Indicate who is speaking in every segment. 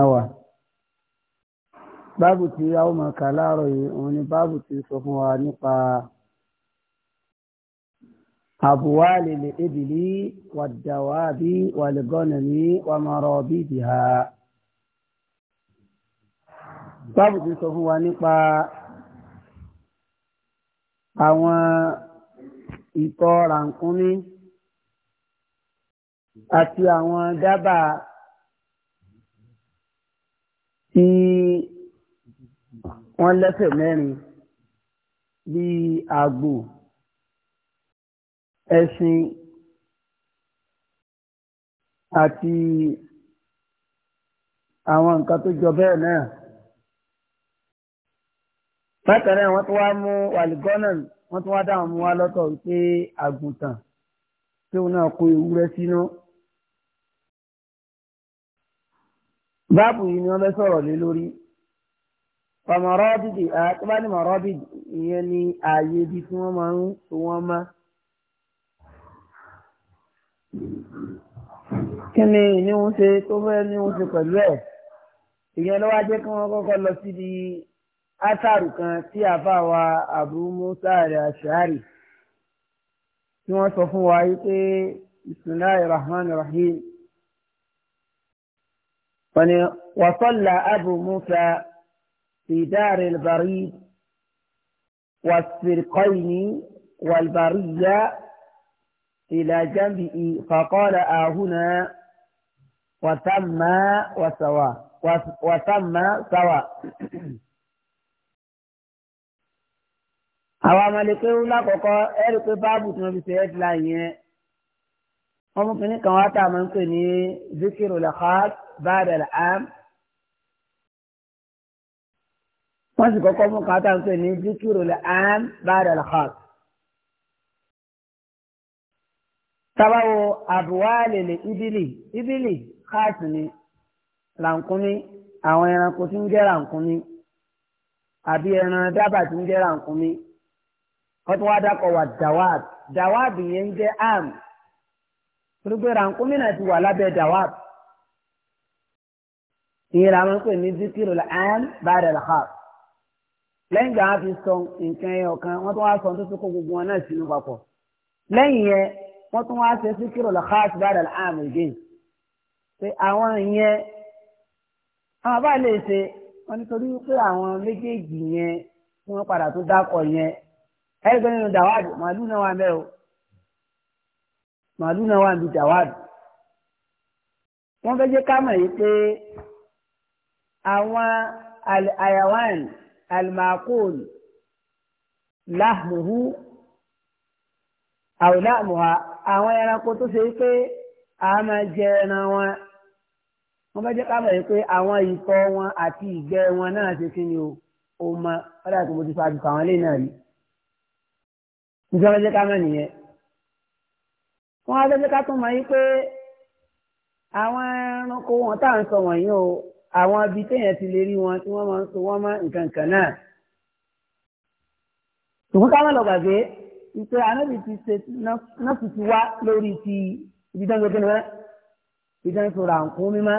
Speaker 1: àwà báàbù tí a ó máa kà láàárọ̀ yìí òun ni báàbù tí sọ fún wa nípa àbúwálì lè ébìlì wàdàwábí wàlẹ̀gọ́nàmí wàmọ̀rọ̀bí ìdìhà báàbù tí sọ fún wa nípa àwọn ìtọ̀ rànkúnmí àti àwọn dábàá tí wọ́n lẹ́sẹ̀ mẹ́rin bíi àgbò ẹṣin àti àwọn nǹkan tó jọ bẹ́ẹ̀ náà. Bákan náà wọ́n tún wá mú wàlígọ́nà wọ́n tún wá dáhùn mú wá lọ́tọ̀ wípé àgùntàn tí òun náà kó ewúrẹ́ sínú. Si no báàbù yìí ni wọ́n fẹ́ sọ̀rọ̀ lé lórí fàmọ́rọ́bìdì tó bá ní mọ̀rọ́bìdì ìyẹn ni ààyè ibi tí wọ́n máa ń so wọ́n má. kí ni ìníhun ṣe tó fẹ́ níhun ṣe pẹ̀lú ẹ̀ ìyẹn ló wá jẹ́ kí wọ́n kọ́kọ́ lọ síbi átàrù kan tí àfa wa Abu Musa tí wọ́n sọ fún wa yìí pé bismillahir rahmanir wọ́n ní wàsọ́là abu musa ìdáre bari wàsirkọ́yìní wàlbàríyá ìlà jambi ìfàkọ́lá àhúnà wàtàmà wàsàwà wàtàmà sàwà. àwọn amalẹ̀kẹ́ ńlá kọ̀ọ̀kọ́ ẹ̀rí pé báàbù tí wọ́n fi ṣe headline yẹn ọmọkùnrin kan wá tá máa ń pè ní zikiru lakhas بعد العام ماشي sì kọ́kọ́ mú kàtà ń pè بعد zikiru al-aam ba'da al-khaas. tábàwò àbúwálèlè ibìlì ibìlì khaas ni làǹkúnmí àwọn ẹranko tí ń jẹ́ làǹkúnmí àbí ẹran dábà tí ń jẹ́ làǹkúnmí wọ́n tún wá dákọ̀ wà dawab dawab yẹn ń jẹ́ am gbogbo làǹkúnmí náà ti wà lábẹ́ dawab ìyẹn la máa ń pè ní zikiru al-aam ba'da al-khaas lẹ́yìn ìgbà wọn fi sọ nǹkan ẹyọ kan wọ́n tún wá sọ tó tún kó gbogbo wọn náà sínú papọ̀ lẹ́yìn yẹn wọ́n tún wá ṣe zikiru al-khaas ba'da al-aam again pé àwọn ìyẹn àwọn bá lè ṣe wọn nítorí pé àwọn méjèèjì yẹn tí wọ́n padà tún dákọ̀ yẹn ẹgbẹ́ nínú dàwádì màálù náà wà mẹ́rọ màálù náà wà níbi dàwádì wọ́n fẹ́ jẹ́ ká mọ̀ yìí pé àwọn àyàwán àlùmákòl láhùhù àwòláàmùhà àwọn ẹranko tó ṣe pé a máa jẹ ẹran wọn wọ́n bá jẹ́ ká mọ̀ pé àwọn ìtọ́ wọn àti ìgbẹ́ wọn náà ṣe kí ni o mọ ọ̀dà tó mo ti fa àdùkọ àwọn eléyìí náà rí nítorí wọ́n jẹ́ ká mọ̀ nìyẹn. wọ́n á fẹ́ ká tún mọ̀ yí pé àwọn ẹranko wọn tá à ń sọ wọ̀nyí o àwọn ibi téèyàn ti lè rí wọn tí wọ́n máa ń so wọ́n mọ́ nǹkan kan náà. ṣùgbọ́n ká má lọ gbàgbé ìpè ànábì ti ṣe náà fi ti wá lórí ti ibi tó ń gbẹ́kẹ́ níwẹ́ ibi tó ń so ràǹkún mímá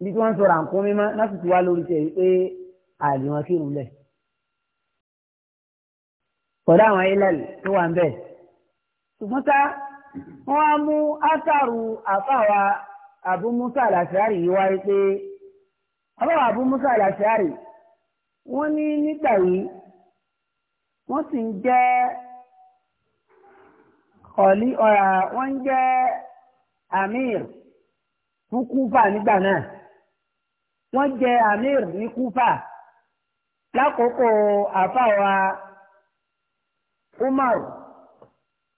Speaker 1: ibi tí wọ́n ń so mímá náà ti wá lórí ti ẹ̀ pé àlè wọn kírun lẹ̀. pẹ̀lú àwọn ilẹ̀ tó wà ń bẹ̀ ṣùgbọ́n ká wọ́n á mú átàrù àfàwà. Abu Musa Al-Ash'ari yìí wáyé pé ọlọ́wọ́ Abu Musa Al-Ash'ari wọ́n ní nígbà yìí wọ́n sì ń jẹ́ kọ̀lí ọ̀rà wọ́n ń jẹ́ amir fún Kúfà nígbà náà wọ́n jẹ́ amir ní Kúfà lákòókò àfàwà Umar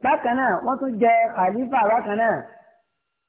Speaker 1: bákan náà wọ́n tún jẹ́ khalifa bákan náà.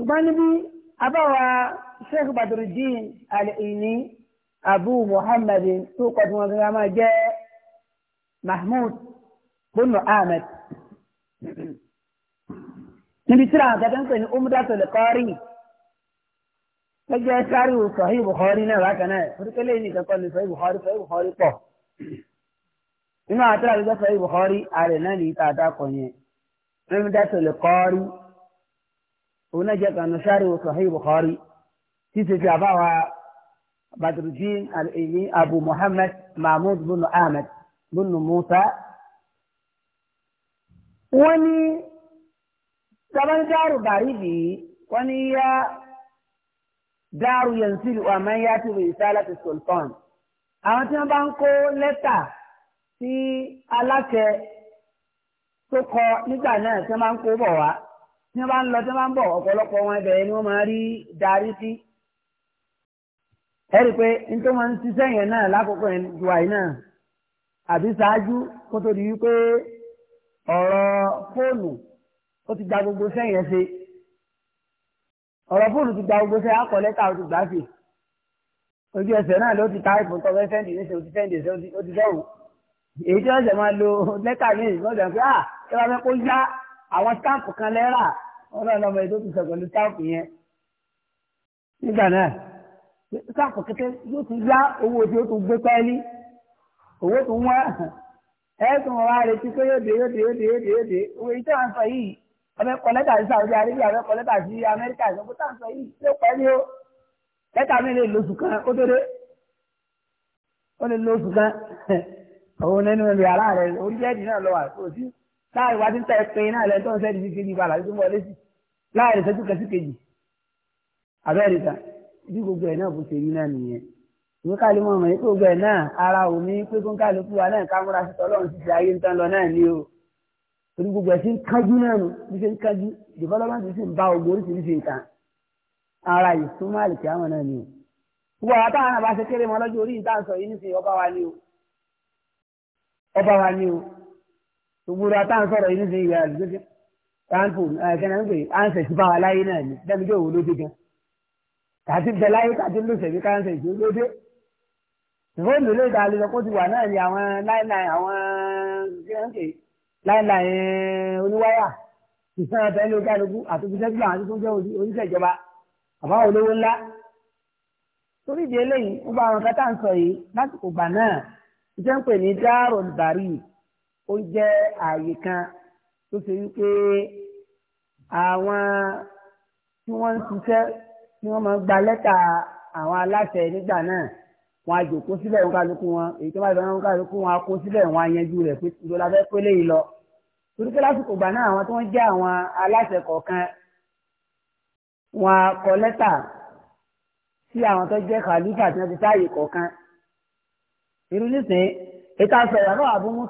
Speaker 1: وبعدين أبوا شيخ بدر الدين العيني أبو محمد توقد مظلما جاء محمود بن عامد نبي ترى قد أنت أمدة القاري فجأة قاري صحيح بخاري نبا كنا فرق اللي إني كنت صحيح بخاري صحيح بخاري طه إما أترى لذا صحيح بخاري على ناني تعدى قنية أمدة القاري òun náà jẹ́ kànú sáré wo sahih bukhari títí tí a bá wa badrudin al-Ayni abu muhammad mahmud bin ahmed bin musa. wọ́n ní sábàá dárò bàrí bìí wọ́n ní yá dárò yẹn sílùú àmọ́ yá ti rè sultan àwọn tí wọ́n bá ń kó lẹ́tà sí aláṣẹ tó kọ nígbà náà tí wọ́n máa ń kó tí wọ́n bá ń lọ tí wọ́n bá ń bọ̀ ọ̀pọ̀lọpọ̀ wọn ibẹ̀ ni wọ́n máa rí darí sí. ẹ rí i pé nítorí ń ṣiṣẹ́ yẹn náà lákòókò yẹn ju àyè náà àbí ṣáájú kó tó di wípé ọ̀rọ̀ fóònù ó ti gba gbogbo sẹ́yìn ṣe ọ̀rọ̀ fóònù ti gba gbogbo sẹ́yìn akọ lẹ́tà ó ti gbà sí ojú ẹsẹ̀ náà ló ti ta ìbùn tọ́ fẹ́ sẹ́ndì níṣẹ́ ó ti sẹ́ndì ṣe ó ti sẹ́wọ̀n èyí tí wọ́n ṣẹ̀ máa lo lẹ́tà míì wọ́n pé ah ẹ bá fẹ́ kó yá àwọn táǹpù kan lẹ́rà wọn náà lọ́mọ ètò ìsọ̀ pẹ̀lú táǹpù yẹn nígbà náà táǹpù kété yóò tún yá owó tí ó tún gbé pẹ́ẹ́lí owó tún wá ẹ̀ẹ́dùn wa retí pé yóò dé yóò dé yóò dé yóò dé yóò dé owó yìí tí sọ yìí ọbẹ̀ kọ lẹ́tà sí Saudi Arabia ọbẹ̀ kọ lẹ́tà sí Amẹ́ríkà ìsọ̀kú tá sọ yìí ló pẹ́ ní o lẹ́tà mi lè lóṣù kan ó tó dé ó lè lóṣù kan òun nínú ìlú ara rẹ̀ orílẹ̀-èdè náà lọ wà tó sí láì wá títà ẹ̀pẹ́ náà lẹ́yìn tó ń sẹ́ni sí kejì balà tó ń wọlé sí láì lè sẹ́jú kẹsí kejì abẹ́rẹ́ ta bí gbogbo ẹ̀ náà bó ṣe rí náà nìyẹn ìwé kálí mọ̀ mọ̀ yìí gbogbo ẹ̀ náà ara ò ní pé kó ń kálukú wa náà kámúra sí tọ́lọ́run sì ṣe ayé ń tán lọ náà ni o torí gbogbo ẹ̀ sì ń kánjú náà nù bí ṣe ń kánjú development sì ń bá ogbó oríṣiríṣi nǹkan ara ìsúnmọ́ àlùkí àwọn náà ni o gbogbo àwọn táwọn náà bá ṣe kéré mọ́ lọ́jọ́ orí ìtànsọ yìí nísìnyí ọba wa ni o ọba wa ni o gbogbo ata ń sọ̀rọ̀ yìí nísìnyí yàrá lójú tanpo ẹ̀kẹ́nà ń pè ánsẹ̀tì bá wa láyé náà ni dẹ́mi jẹ́ òun lóde gan kàti bẹ láyé kàti lóṣèlú kánsẹ̀tì ó lóde ìfowópamọ́ ìlú ìdá àlejò kó ti wà náà ni àwọn láìláì àwọn láìláì eh, oníwáyà ìsan àtẹ̀lé ogálugu àtúnṣe gbà àti tó jẹ́ oníṣẹ̀jọba àbáwọn olówó ńlá torí ìdí eléyìí ó bá àwọn kátà ń sọ yìí lásìkò gbà náà ìjẹ́ pè ní dáàrò dàrí yìí ó jẹ́ ààyè kan tó ṣe wípé àwọn tí wọ́n ń ṣiṣẹ́ tí wọ́n máa ń gba lẹ́tà àwọn aláṣẹ nígbà náà wọn a jòkó síbẹ̀ wọn kálukú wọn èyí tó bá jọ wọn kálukú wọn a kó síbẹ̀ wọn a yanjú rẹ̀ pé ìjọba fẹ́ pélé yìí lọ torí pé lásìkò ìgbà náà àwọn tí wọ́n jẹ́ àwọn aláṣẹ kọ̀ọ̀kan wọn a kọ lẹ́tà sí àwọn tó jẹ́ kàlífà tí wọ́n ti sáàyè kọ̀ọ̀kan irú nísìnyí ètò àṣọ ìyàbọ̀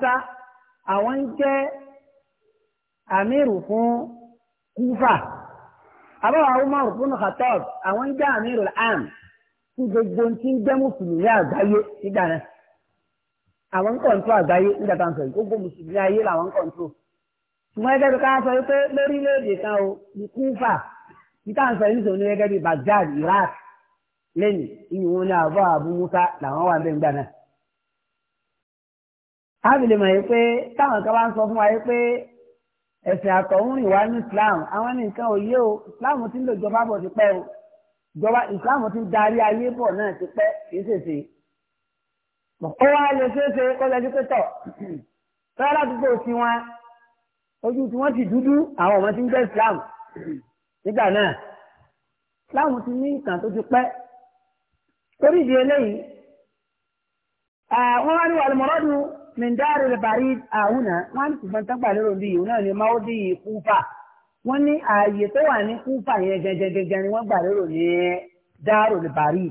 Speaker 1: àwọn ń jẹ́ àmírù fún kúfà àbáwá umar fún khatab àwọn ń jẹ́ àmírù àm fún gbogbo tí ń jẹ́ mùsùlùmí àgbáyé nígbà náà àwọn ń kọ̀ǹtò àgbáyé nígbà tá à ń sọ yìí gbogbo mùsùlùmí ayé làwọn ń kọ̀ǹtò ṣùgbọ́n ẹgbẹ́ ká sọ pé lórílẹ̀‐èdè kan o ní kúfà ní tá à ń sọ yìí sọ̀rọ̀ gẹ́gẹ́ bí baghdad iraq lẹ́nu ìyẹn wọn ní a fi lè mọ̀ yìí pé táwọn kan bá ń sọ fún wa yìí pé ẹ̀sìn àtọ̀húnrìn wa ní Islam àwọn nìkan ò yé o Islam ti ń lò ìjọba bọ̀ ti pẹ́ o ìjọba Islam ti ń darí ayé bọ̀ náà ti pẹ́ kìí ṣèṣe. ó wá lè ṣeéṣe kó lọ sí pétọ̀ tọ́lá ládùúgbò sí wọn ojú tí wọ́n ti dúdú àwọn ọmọ ti ń jẹ́ Islam nígbà náà Islam ti ní ìtàn tó ti pẹ́ torí ìdí eléyìí àwọn wá ní wàlúmọ́rọ́dún mìndáàrú bàrí àwùnà wọn ní ṣùgbọ́n tán gbà lérò bíi òun ni máa ó dí kúfà wọn ní ààyè tó wà ní kúfà yẹn gẹ́gẹ́gẹ́gẹ́ ni wọ́n gbà lérò ní dáàrú bàrí.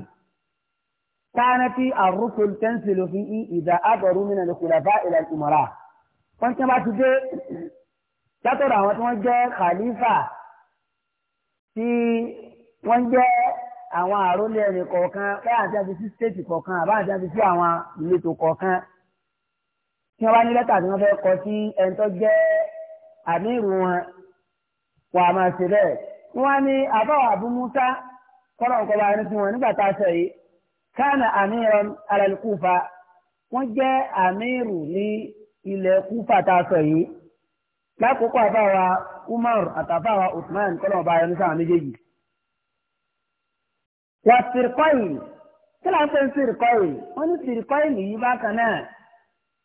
Speaker 1: kánátì àrùkùn tẹ́ǹsì ló fi ìdá àgọ̀rú mi nàlẹ́ kùlàfà ìlà ìmọ̀ra wọn tí wọn bá ti dé látọ̀dọ̀ àwọn tí wọ́n jẹ́ khalifa tí wọ́n jẹ́ àwọn àrólé ẹnì kọ̀ọ̀kan báyà tí a fi sí stéètì kọ̀ọ̀kan àbáyà tí a fi sí àwọn ìletò kọ̀ọ̀kan tí wọ́n bá ní lẹ́tà tí wọ́n fẹ́ kọ sí ẹni tó jẹ́ àmírù wọn wà á máa ṣe bẹ́ẹ̀. wọ́n ní àbáwọ̀ àbúmúsá kọ́lọ̀ nǹkan bá ní tiwọn nígbà tá a sọ yìí kánà àmíràn alálùkúfà wọ́n jẹ́ àmírù ní ilẹ̀ kúfà tá a sọ yìí lákòókò àbáwọ̀ umar àtàfáwà usman kọ́lọ̀ bá yẹn sáà méjèèjì. wà sírkọ́yì kí láǹfẹ̀ sírkọ́yì wọ́n ní sírkọ́yì nìyí bákan náà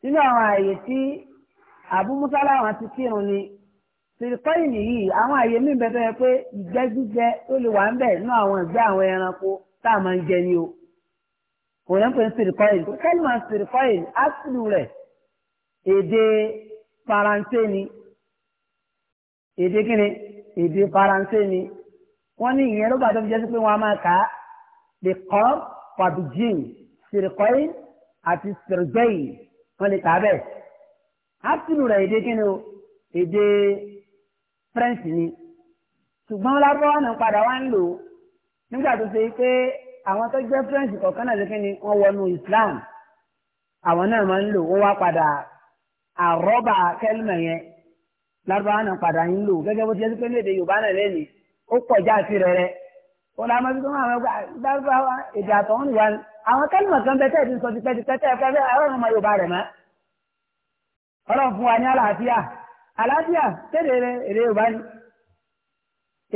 Speaker 1: nínú àwọn àyè tí àbúmúsá láwọn ti kírun ni tìrìkọ́ìnì yìí àwọn àyè mí bẹ́ẹ̀ bẹ́ẹ̀ pé ìgbẹ́ gbígbẹ ó lè wà ń bẹ̀ nínú àwọn ìgbẹ́ àwọn ẹranko tá a máa ń jẹ ni o kò ní pé tìrìkọ́ìnì kò kẹ́lí máa tìrìkọ́ìnì áṣìlù rẹ̀ èdè faransé ni èdè kíni èdè faransé ni wọ́n ní ìyẹn ló bá tó fi jẹ́ sí pé wọ́n á máa kà á lè kọ́ pàbíjìn tìrìkọ́ìnì àti tìrìgbẹ́yìn wọ́n lè kà á bẹ́ẹ̀ ápùlù rẹ̀ èdè kíni o èdè french ni ṣùgbọ́n lábọ́wọ́ náà padà wá ń lò ó nígbà tó ṣe pé àwọn tó jẹ́ french kọ̀ọ̀kan náà lè kíni wọ́n wọnú islam àwọn náà máa ń lò wọ́n wá padà àrọ́bà kẹ́lìmẹ̀ yẹn lábọ́wọ́ náà padà ń lò gẹ́gẹ́ bó ti yẹ pé léde yorùbá náà lẹ́nu ó pọ̀ jáàsì rẹ̀ rẹ̀ wọ́n làwọn ọmọ tó máa ń gbà àwọn kẹ́lìmọ̀ kan bẹ tẹ́ẹ̀tì sọ ti pẹ́ ti pẹ́ tẹ́ẹ̀ fẹ́ ọlọ́run ọmọ yorùbá rẹ̀ mọ́ ọlọ́run fún wa ní àlàáfíà àlàáfíà kéde èrè yorùbá ni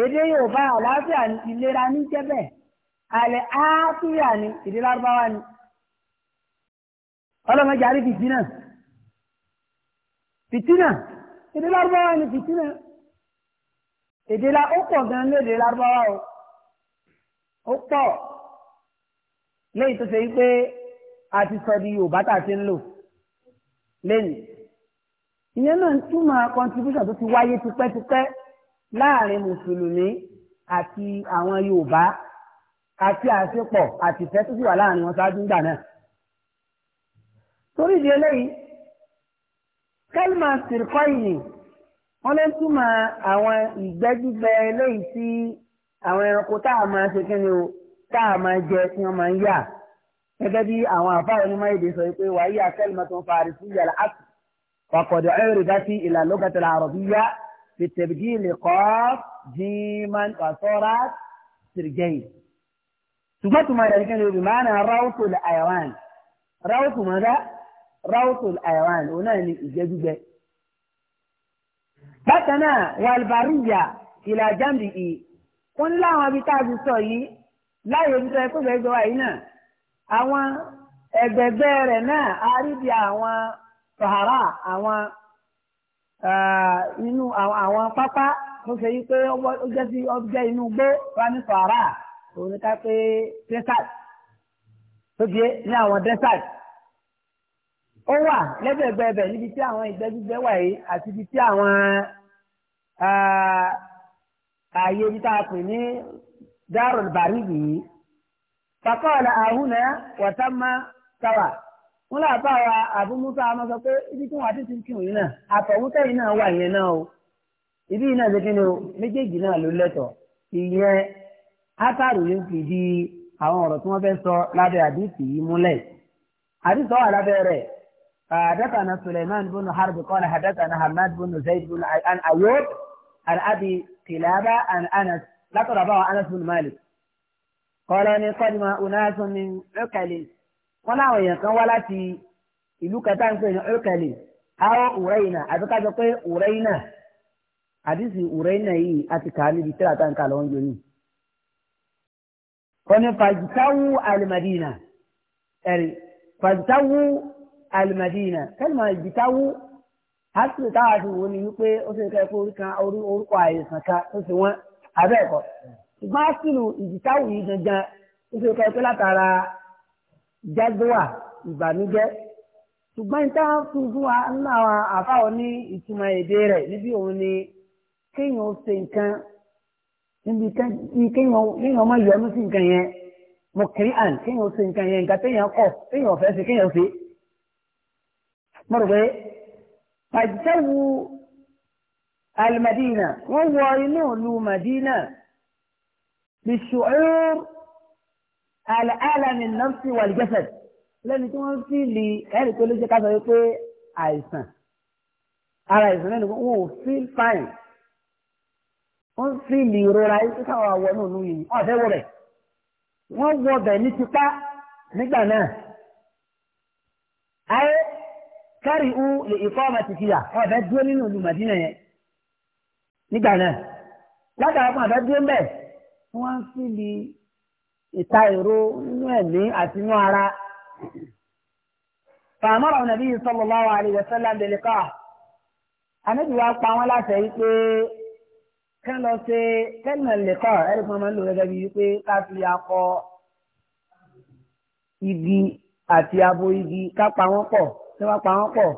Speaker 1: èdè yorùbá àlàáfíà ni ìlera ní jẹ́bẹ̀ àlẹ́ àáfíà ni èdè lárúbáwá ni ọlọ́run ọjà rí fìtínà fìtínà èdè lárúbáwá ni fìtínà èdè la ó pọ̀ gan-an lóde lárúbáwá o ó pọ̀ lẹ́yìn tó ṣe yí pé a ti sọ di yorùbá tá a ti ń lò lẹ́yìn ìyẹn náà ń túmọ̀ contribution tó ti wáyé tipẹ́tipẹ́ láàrin mùsùlùmí àti àwọn yorùbá àti àṣepọ̀ àti ìfẹ́ tó sì wà láàrin wọn ṣáájú ńgbà náà torí ìdí eléyìí kẹ́lìmọ̀ sìrìkọ́ ìní wọ́n lè túmọ̀ àwọn ìgbẹ́júgbẹ́ eléyìí sí àwọn ẹranko tá a máa ṣe kí ni o tá a máa jẹ tí wọ́n máa ń yà gẹ́gẹ́ bí àwọn àfáà onímọ̀ èdè sọ pé wàá yà kalimatun farisiyya al-asl wa qad uridat ila lughati al-arabiyya bi tabdil qaf jiman wa surat sirjayn. ṣùgbọ́n tó máa yẹ kí ni o bí máa na rawtul aywan rawtu mọ́dá rawtu aywan òun náà ni ìjẹ́gbígbẹ́. bákan náà wal bariyya ila jambihi ní láwọn abí sọ yìí láyé ibi tó yẹ kó gbẹgbẹ wa yìí náà àwọn ẹgbẹgbẹ rẹ̀ náà a rí bí àwọn sahara àwọn inú àwọn pápá tó ṣe yí pé ó jẹ́ sí ọjọ́ inú gbó wa ní sahara òun ká pé desert tó di ní àwọn desert ó wà lẹ́gbẹ̀gbẹ̀bẹ̀ níbi tí àwọn ìgbẹ́gbẹ́ wà yìí àti ibi tí àwọn ààyè ibi tá a pè ní دار Baridi, فقال هنا وتم سوا wọ́n lè bá wa àbúmútà àmọ́ sọ pé ibi tí wọ́n àti ti ń kírun yìí náà àtọ̀wútẹ́ yìí náà wà yẹn náà o ibi yìí náà lékin ní o méjèèjì náà ló lẹ́tọ̀ ìyẹn átàrù yìí ń fi di àwọn ọ̀rọ̀ tí wọ́n fẹ́ sọ lábẹ́ àdìsí yìí múlẹ̀ àdìsí wà lábẹ́ rẹ̀ حدثنا سليمان بن حرب قال حدثنا حماد بن زيد بن عن أيوب عن أبي قلابة عن أنس látọ̀dọ̀ báwa Anas bin Malik kọ́lá ni kọ́dìmọ̀ onáàtún ní ọ̀kẹ́lẹ̀ wọn láwọn èèyàn kan wá láti ìlú kẹta ń pè ní ọ̀kẹ́lẹ̀ àwọn Uraina àti kájọ pé Uraina àdìsí Uraina yìí àti kàá níbi tíra tá n kà lọ́wọ́ yòóyìn. kọ́ni fàjìtáwù alimadina ẹ̀rí fàjìtáwù alimadina kẹ́lìmọ̀ ìjìtáwù hásìlì táwọn àti wò ni wípé ó ṣe kẹ́kọ̀ọ́ orúkọ àìsàn ká tó abẹ́ ẹ̀kọ́ ṣùgbọ́n àṣìlù ìdìtáwù yìí gangan nítorí ká ẹgbẹ́ látara jágbéwà ìbànújẹ́ ṣùgbọ́n ìta fún fún wa nínú àwọn àfáwọ̀ ní ìtumọ̀ èdè rẹ̀ níbi òun ni kéèyàn ṣe nǹkan níbi kéèyàn má yọnu sí nǹkan yẹn mo kiri àn kéèyàn ṣe nǹkan yẹn nǹkan téèyàn kọ̀ téèyàn fẹ́ ṣe kéèyàn ṣe. mo rò pé pàjẹ́wù المدينة وهو wọ inú ìlú madina bí ṣùgbọ́n alàmì nọ́ọ̀sì wà lẹ́sẹ̀ lẹ́ni tí wọ́n fi lè ẹ̀rì pé ló jẹ́ ká sọ pé àìsàn ara àìsàn lẹ́nu wọn ò feel fine wọ́n fi lè rora yìí káwọn àwọn náà nù yìí ọ̀fẹ́ wọ bẹ̀ wọ́n wọ bẹ̀ ní tipá nígbà náà ayé kárí u lè ìfọ́ ọmọ tìkìyà ọ̀fẹ́ dúró nínú ìlú yẹn nígbà náà látara fún àdájú ẹ̀ mẹ́ẹ̀ wọ́n ń fìlì ìta èrò inú ẹ̀mí àti inú ara. fàmọ́rọ̀ nàbí sallallahu alaihi wasallam bẹ̀lẹ̀kọ́ ànábì wa pa wọ́n láṣẹ yìí pé kẹ́ lọ ṣe kẹ́nà lẹ́kọ́ ẹ̀rí kan máa ń lò gẹ́gẹ́ bíi pé ká fi akọ igi àti abo igi ká pa wọ́n pọ̀ tí wọ́n pa wọ́n pọ̀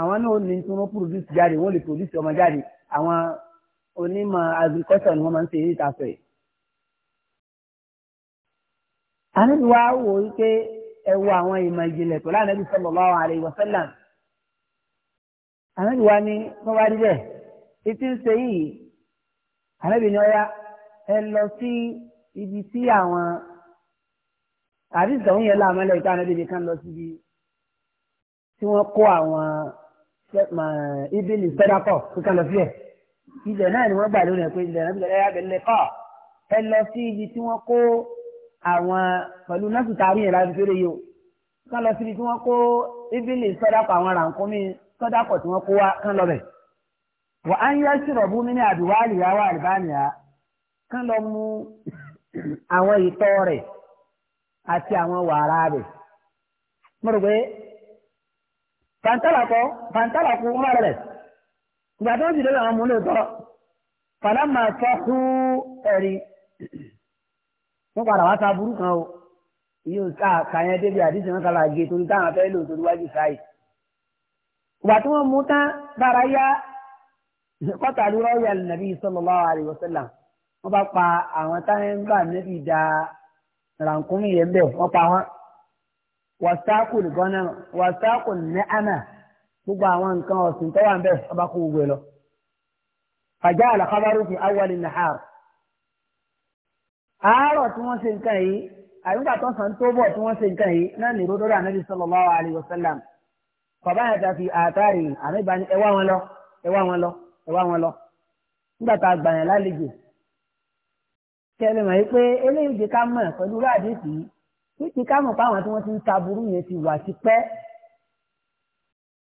Speaker 1: àwọn náà ní tí wọ́n pòdùsì jáde wọ́n lè pòdùsì ọmọ jáde àwọn onímọ̀ agriculture ni wọ́n máa ń ṣe eré ìtàkùn ẹ̀. àníbi wá wò ó pé ẹ wo àwọn ìmọ̀ ìjìnlẹ̀ pẹ̀lú ànábì sallallahu alaihi wasallam. àníbi wá ní wọ́n bá rí bẹ́ẹ̀ etí ń ṣe yìí ànábì ni ọ̀ya ẹ lọ sí ibi tí àwọn àdìsí ọ̀hún yẹn láàmúlẹ̀ ìta ànábì nìkan lọ síbi tí wọ́n kó àwọn ibìlì sẹ́dákọ̀ kíkan lọ sílẹ̀ ilẹ̀ náà ni wọ́n gbà lónìí pé ilẹ̀ náà bẹ̀rẹ̀ abẹ́lẹ̀ kọ́ ẹ lọ sí ibi tí wọ́n kó àwọn pẹ̀lú nọ́ọ̀sì tààrí yẹn láti fẹ́rẹ̀ yìí o kán lọ síbi tí wọ́n kó ibili sọ́dápọ̀ àwọn rànkúnmí sọ́dápọ̀ tí wọ́n kó wá kán lọ bẹ̀. wà á ń yẹ sírọ̀bù mi ní àdúrà àlìyáwó àlìbáníà kán lọ mú àwọn ìtọ́ rẹ̀ àti àwọn wàrà rẹ̀. mo pé fàǹtàlàkọ̀ fàǹtàlàkọ̀ wọ́n ìgbà tó sì lọ́dọ̀ àwọn ọmọ olóòótọ́ fàlámà tọ́kú ẹ̀rí wọ́n padà wá sa burú kan o yóò sá kàyẹn débi àdìsí wọn kàlà gé torí táwọn afẹ́ lò torí wájú sáyì ìgbà tí wọ́n mú tán dára yá kọ́tà ló rọ́ọ̀yà nàbí sallallahu alaihi wasallam wọ́n bá pa àwọn táyẹ̀ ń níbi ìdá rànkúmí yẹn bẹ́ẹ̀ wọ́n pa wọ́n wàsákùn gánà wàsákùn nẹ́ẹ̀mà gbogbo àwọn nǹkan ọ̀sìn tó wà ń bẹ̀ ọba kó gbogbo ẹ̀ lọ. fàjà àlàkábárò fi awọ́lì nàhàr. àárọ̀ tí wọ́n ṣe nǹkan yìí àyùngbà tó sàn tó bọ̀ tí wọ́n ṣe nǹkan yìí náà ní ròdòdó ànábì sallallahu alaihi wasallam. bàbá yẹn ta fi àtàrí àmìbá ni ẹ wá wọn lọ ẹ wá wọn lọ ẹ wọn lọ. nígbà tá a gbà yẹn lálejò. kẹlẹ́ mọ̀ pé eléyìí ti ká mọ̀ pẹ̀lú rádìsì yìí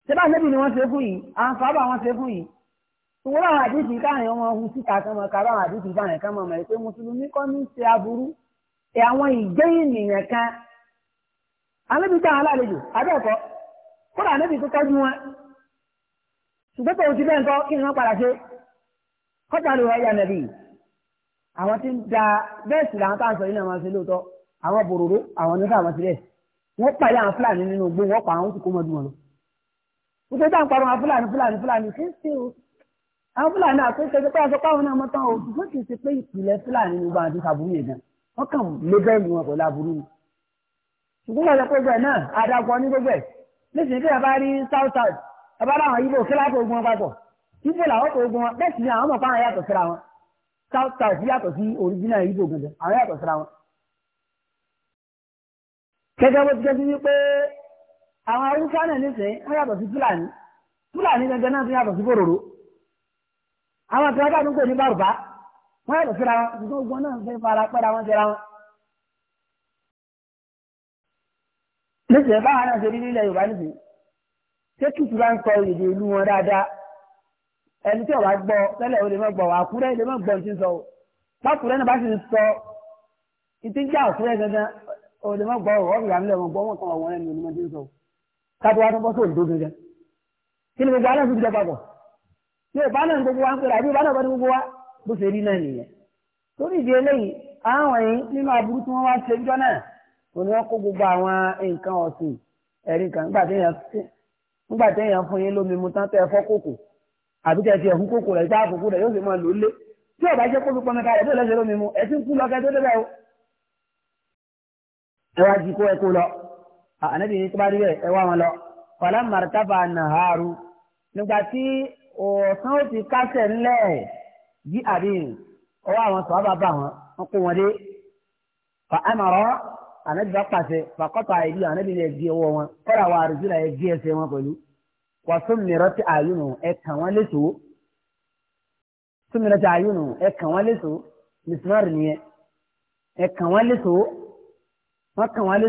Speaker 1: ṣé bá ni wọ́n ṣe fún yìí àǹfààbà wọ́n ṣe fún yìí ìwọ́n àwọn àdìsí káàyàn ọmọ ohun síta kan mọ̀ kára àwọn àdìsí báyẹn kan mọ̀ mọ̀ pé mùsùlùmí kọ́ ní ṣe aburú ẹ̀ àwọn ìgbé ènìyàn kan alẹ́bí táwọn alálejò abẹ́ẹ̀kọ́ kódà níbi tó tọ́jú wọn ṣùgbọ́n tó ti bẹ́ẹ̀ ń kọ́ kí ni wọ́n padà ṣe kọ́tà ló wáyà nàbí àwọn tí ń da bẹ́ẹ̀ sì làwọn tá à wọ́n pàdé àwọn fúlàní nínú gbó wọ́n àwọn tó kó mọ́ bí wọn lọ kùtẹ́ tá à ń parọ́ àwọn fúlàní fúlàní fúlàní kí n ṣe o àwọn fúlàní àkóso ẹgbẹ́ aṣọ páwọn náà mọ́tàn o ṣùgbọ́n kì í ṣe pé ìpìlẹ̀ fúlàní ni gbọ́n àti sàbúrú yẹn gan wọ́n kàn lé bẹ́ẹ̀lì wọn pẹ̀lú aburú ni ṣùgbọ́n ẹ̀rọ gbogbo ẹ̀ náà àdàpọ̀ ní gbogbo ẹ̀ nísìnyí tí yàrá rí south south ẹ̀bá láwọn ibo kíláàpù ogun wọn papọ̀ ibo làwọn kò ogun wọn bẹ́ẹ̀ sì ni àwọn ọmọ south south yàtọ̀ original ibo gangan àwọn yàtọ̀ síra wọn. gẹ́gẹ́ àwọn haúsá náà nísìnyí wọ́n yàtọ̀ sí fúlàní fúlàní gangan náà tún yàtọ̀ sí bòròrò àwọn tí wọ́n bá tún pè ní bàrùbá wọ́n yàtọ̀ síra wọn ṣùgbọ́n ogun náà fẹ́ fara pẹ́ra wọn jẹra wọn. nísìnyí báwọn náà ṣe rí nílẹ̀ yorùbá nísìnyí ṣé kìtì bá ń kọ èdè ìlú wọn dáadáa ẹni tí ọba gbọ́ tẹ́lẹ̀ o lè má gbọ́ àkúrẹ́ lè má gbọ́ ti sọ o bákùrẹ́ náà bá sì sọ ìtìjà àkúrẹ́ gangan o lè má gbọ́ o ọ̀gbìn àmì lè má gbọ́ wọn kàn wọ́n ẹni onímọ̀ ti sọ o káàtó wá tó bọ́ sóòlù tó gẹ́gẹ́ kí ni gbogbo aláǹsì jẹ papọ̀ tí ò bá náà gbogbo wa ń pèrè àbí ìbá náà bá ní gbogbo wa bó ṣe rí náà nìyẹn torí ìdí eléyìí àwọn yìí nínú aburú tí wọ́n wá ṣe jọ náà kò ní wọ́n kó gbogbo àwọn nǹkan ọ̀sìn ẹ̀rí kan nígbà téèyàn fún yín lómi mu tán tẹ́ ẹ fọ́ kòkò àbí tẹ́ ti ẹ̀hún kòkò rẹ̀ sáà kòkò rẹ̀ yóò fi máa lò lé tí ọba jẹ́ kóbi pọnmi kalẹ̀ tó lẹ́sẹ̀ lómi mu ẹ̀ ti ń kú lọ kẹ́ tó débẹ̀ o ẹ wá jí kó ẹ kó lọ ànábì ní tó bá rí bẹ́ẹ̀ ẹ wá wọn lọ fọlá màrútàfà nàhàrú nígbà tí ọ̀sán ó ti kásẹ̀ ńlẹ̀ jí àbí ọwọ́ àwọn sọ̀rọ̀ bá bá wọn wọn kó wọn dé fa amọ̀rọ̀ ànábì bá pàṣẹ fàkọ́tà ìlú ànábì ní ẹgbẹ́ ọwọ́ wọn kọ́ra wa àrùjúlà ẹgbẹ́ ẹsẹ̀ wọn pẹ̀lú wà súnmìrọ̀ tí àyùnù ẹ kàn wọ́n léṣo súnmìrọ̀ tí àyùnù ẹ kàn wọ́n léṣo mìsímọ́rì nìyẹn ẹ kàn wọ́n léṣo wọ́n kàn wọ́n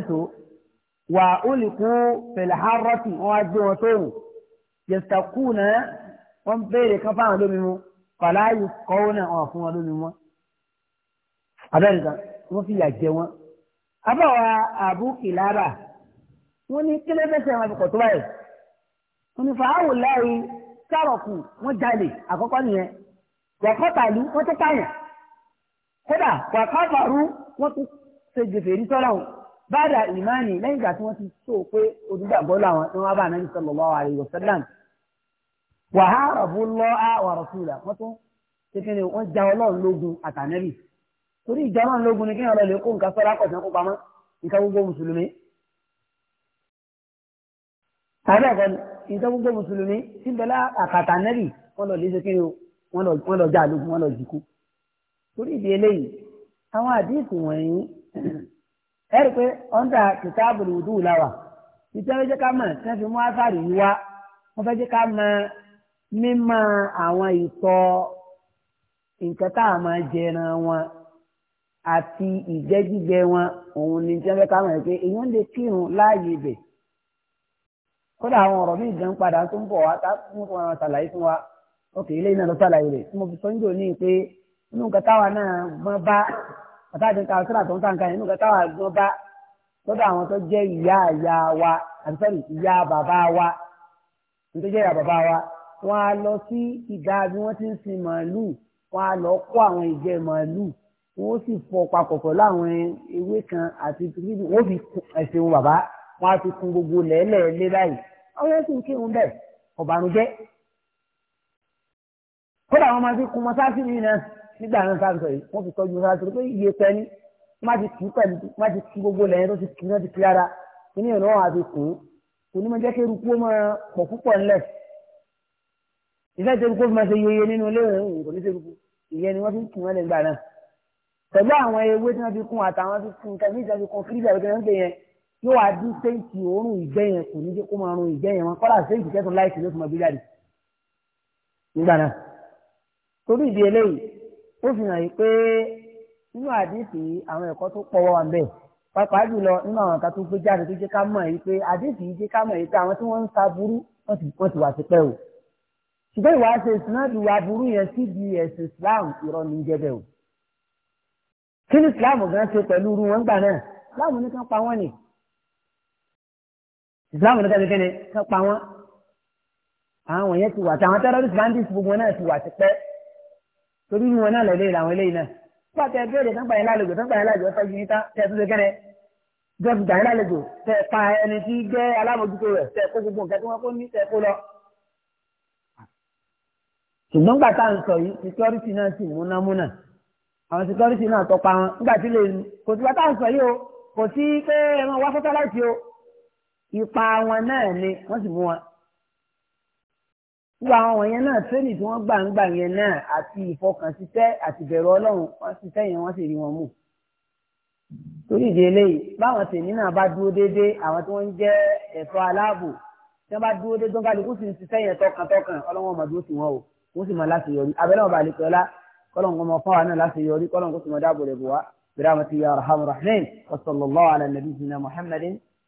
Speaker 1: wà uliku fìlàhárọ́tì wọn wá gbé wọn tóun yẹsàkú náà wọn béèrè kan fáwọn lómi mu fàlàyé kọ́wọ́ náà wọn fún wọn lómi mu. abẹ́rẹ́ kan wọ́n fi yà jẹ wọn. abáwa àbú kìlára wọ́n ní kílẹ̀ fẹsẹ̀ wọn kọ̀ tó báyìí. wọ́n ní fàáwù láàyè sárọ̀kù wọ́n jalè àkọ́kọ́ nìyẹn. wàkọ́tàlú wọ́n tún pààyàn. kódà wàkọ́fàrú wọ́n tún ṣe jèfèrí bada ìmáànì lẹ́yìn ìgbà tí wọ́n ti tó pé olùgbàgbọ́ làwọn tí wọ́n bá nàbí sallallahu alaihi wasallam wàhárọ̀bù lọ́ọ́ wa rasulahu wọ́n tún kékeré wọ́n ja ọlọ́run lógun àtànẹ́bì torí ìjà ọlọ́run lógun ni kí ọ̀rọ̀ lè kó nǹkan sọ́ra pọ̀ sí kó pamọ́ nǹkan gbogbo mùsùlùmí. tàbí ẹ̀kọ́ ni nǹkan gbogbo mùsùlùmí tí bẹ́lá àtànẹ́bì lọ lè ṣe kéré wọ́n lọ já lógun wọ́n lọ jìkú. torí ìdí ẹ rí i pé ọ̀ǹda kìtàbù lùdù làwà títí ẹ jẹ́ ká mọ̀ tí fi mú àṣàrì yìí wá wọ́n fẹ́ jẹ́ ká mọ̀ mímọ̀ àwọn ìtọ́ nǹkan tá a máa jẹran wọn àti wọn òun ni ká mọ̀ pé lè kírun láàyè ibẹ̀ kódà àwọn ọ̀rọ̀ padà tó ń bọ̀ wá tá àtàdé ta síra tó ń tà nǹkan yẹn nígbà táwọn àgbọn bá lọ́dọ̀ àwọn tó jẹ́ ìyá ìyá wa àti sẹ́yìn ìyá bàbá wa ní tó jẹ́ ìyá bàbá wa wọ́n á lọ sí ìdá bí wọ́n ti ń sin màálùú wọ́n á lọ kó àwọn ìjẹ màálùú wọ́n sì fọ papọ̀ pẹ̀lú àwọn ewé kan àti tìrìbì wọ́n fi ẹ̀sìn wọn bàbá wọ́n á fi kun gbogbo lẹ́ẹ̀lẹ́ẹ̀lẹ́ báyìí àwọn yẹn sì ń kírun bẹ́ẹ̀ ọ̀bànújẹ́ kódà wọ́n máa fi kun mọ́sáàsì mi náà nígbà náà sáà sọ yìí wọ́n fi tọ́jú sáà sọ pé iye pẹ́ni má ti kú pẹ̀lú má ti kú gbogbo lẹ́yìn tó ti kú náà ti kú rárá inú ìrìn wọn àti kù kò ní ma jẹ́ kí eruku máa pọ̀ púpọ̀ ńlẹ̀ ìfẹ́ tí eruku máa ṣe yeye nínú ilé ìrìn kò ní ṣe eruku ìyẹn ni wọ́n fi ń kù wọ́n lè náà pẹ̀lú àwọn ewé tí wọ́n fi kún àtàwọn fi kún nǹkan níjà fi kún fíríjà ìgbẹ́ náà gbé yẹn yóò wá dín séǹtì òórùn ìgbẹ́ yẹn kò ní jẹ́ kó máa rùn ìgbẹ́ yẹn wọn kọ́lá séǹtì kẹ́tùn láìsí ló fi máa gbé jáde nígbà náà torí ìdí eléyìí ó fi hàn yí pé nínú àdìsí àwọn ẹ̀kọ́ tó pọ̀ wà bẹ́ẹ̀ pàápàá jùlọ nínú àwọn kan tó gbé jáde tó jẹ́ ká mọ̀ yí pé àdìsí yìí jẹ́ ká mọ̀ yí pé àwọn tí wọ́n ń sa burú wọ́n ti wọ́n ti wà tipẹ́ o ṣùgbọ́n ìwà ṣe ìsìnàdù aburú yẹn síbi ẹ̀sìn Islam irọ́ ní jẹ́bẹ̀ o kí ni Islam gan ṣe pẹ̀lú irú wọn gbà náà Islam ní kán pa wọ́n ni Islam ní kán kán pa wọ́n àwọn yẹn ti wà táwọn tẹ́rọ́rìsì bandits torí wọn náà lẹ́lẹ́ làwọn eléyìí náà pàtẹ bẹ́ẹ̀rẹ̀ tán gbàyìn lálejò tán gbàyìn lálejò ọ̀fẹ́ yìí tán tẹ̀ tún ṣe kẹ́rẹ́ jọ́ọ̀bù gbàyìn lálejò tẹ̀ pa ẹni tí jẹ́ alámòjútó rẹ̀ tẹ̀ kó gbogbo nǹkan tí wọ́n kó ní tẹ̀ kó lọ. ṣùgbọ́n gbàtà ń sọ yìí security náà sì múnámúná àwọn security náà tọpa wọn nígbà tí lè nu kò sí gbàtà ń sọ yìí o kò sí pé ẹ máa wá sọ́tà o ipa wọn náà ni wọ́n sì mú wọn wíwá àwọn wọ̀nyẹn náà tírénì tí wọ́n gbà ń gbà yẹn náà àti ìfọkànsíṣẹ́ àti ìbẹ̀rù ọlọ́run wọ́n ṣiṣẹ́ yẹn wọ́n sì rí wọn mú. torí ìdí eléyìí báwọn tèmi náà bá dúró déédéé àwọn tí wọ́n ń jẹ́ ẹ̀fọ́ aláàbò tí wọ́n bá dúró déédéé tó ń kálukú sì ń ṣiṣẹ́ yẹn tọkàntọkàn ọlọ́wọ́n mọ̀ dúró sí wọn o wọ́n sì mọ̀ láti yọrí abẹ́rẹ́ ọba àlekọ́lá kọ́lọ́n يا أرحم الراحمين وصلى الله على نبينا محمد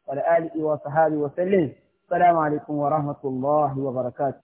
Speaker 1: وعلى آله وصحبه السلام عليكم ورحمة الله وبركاته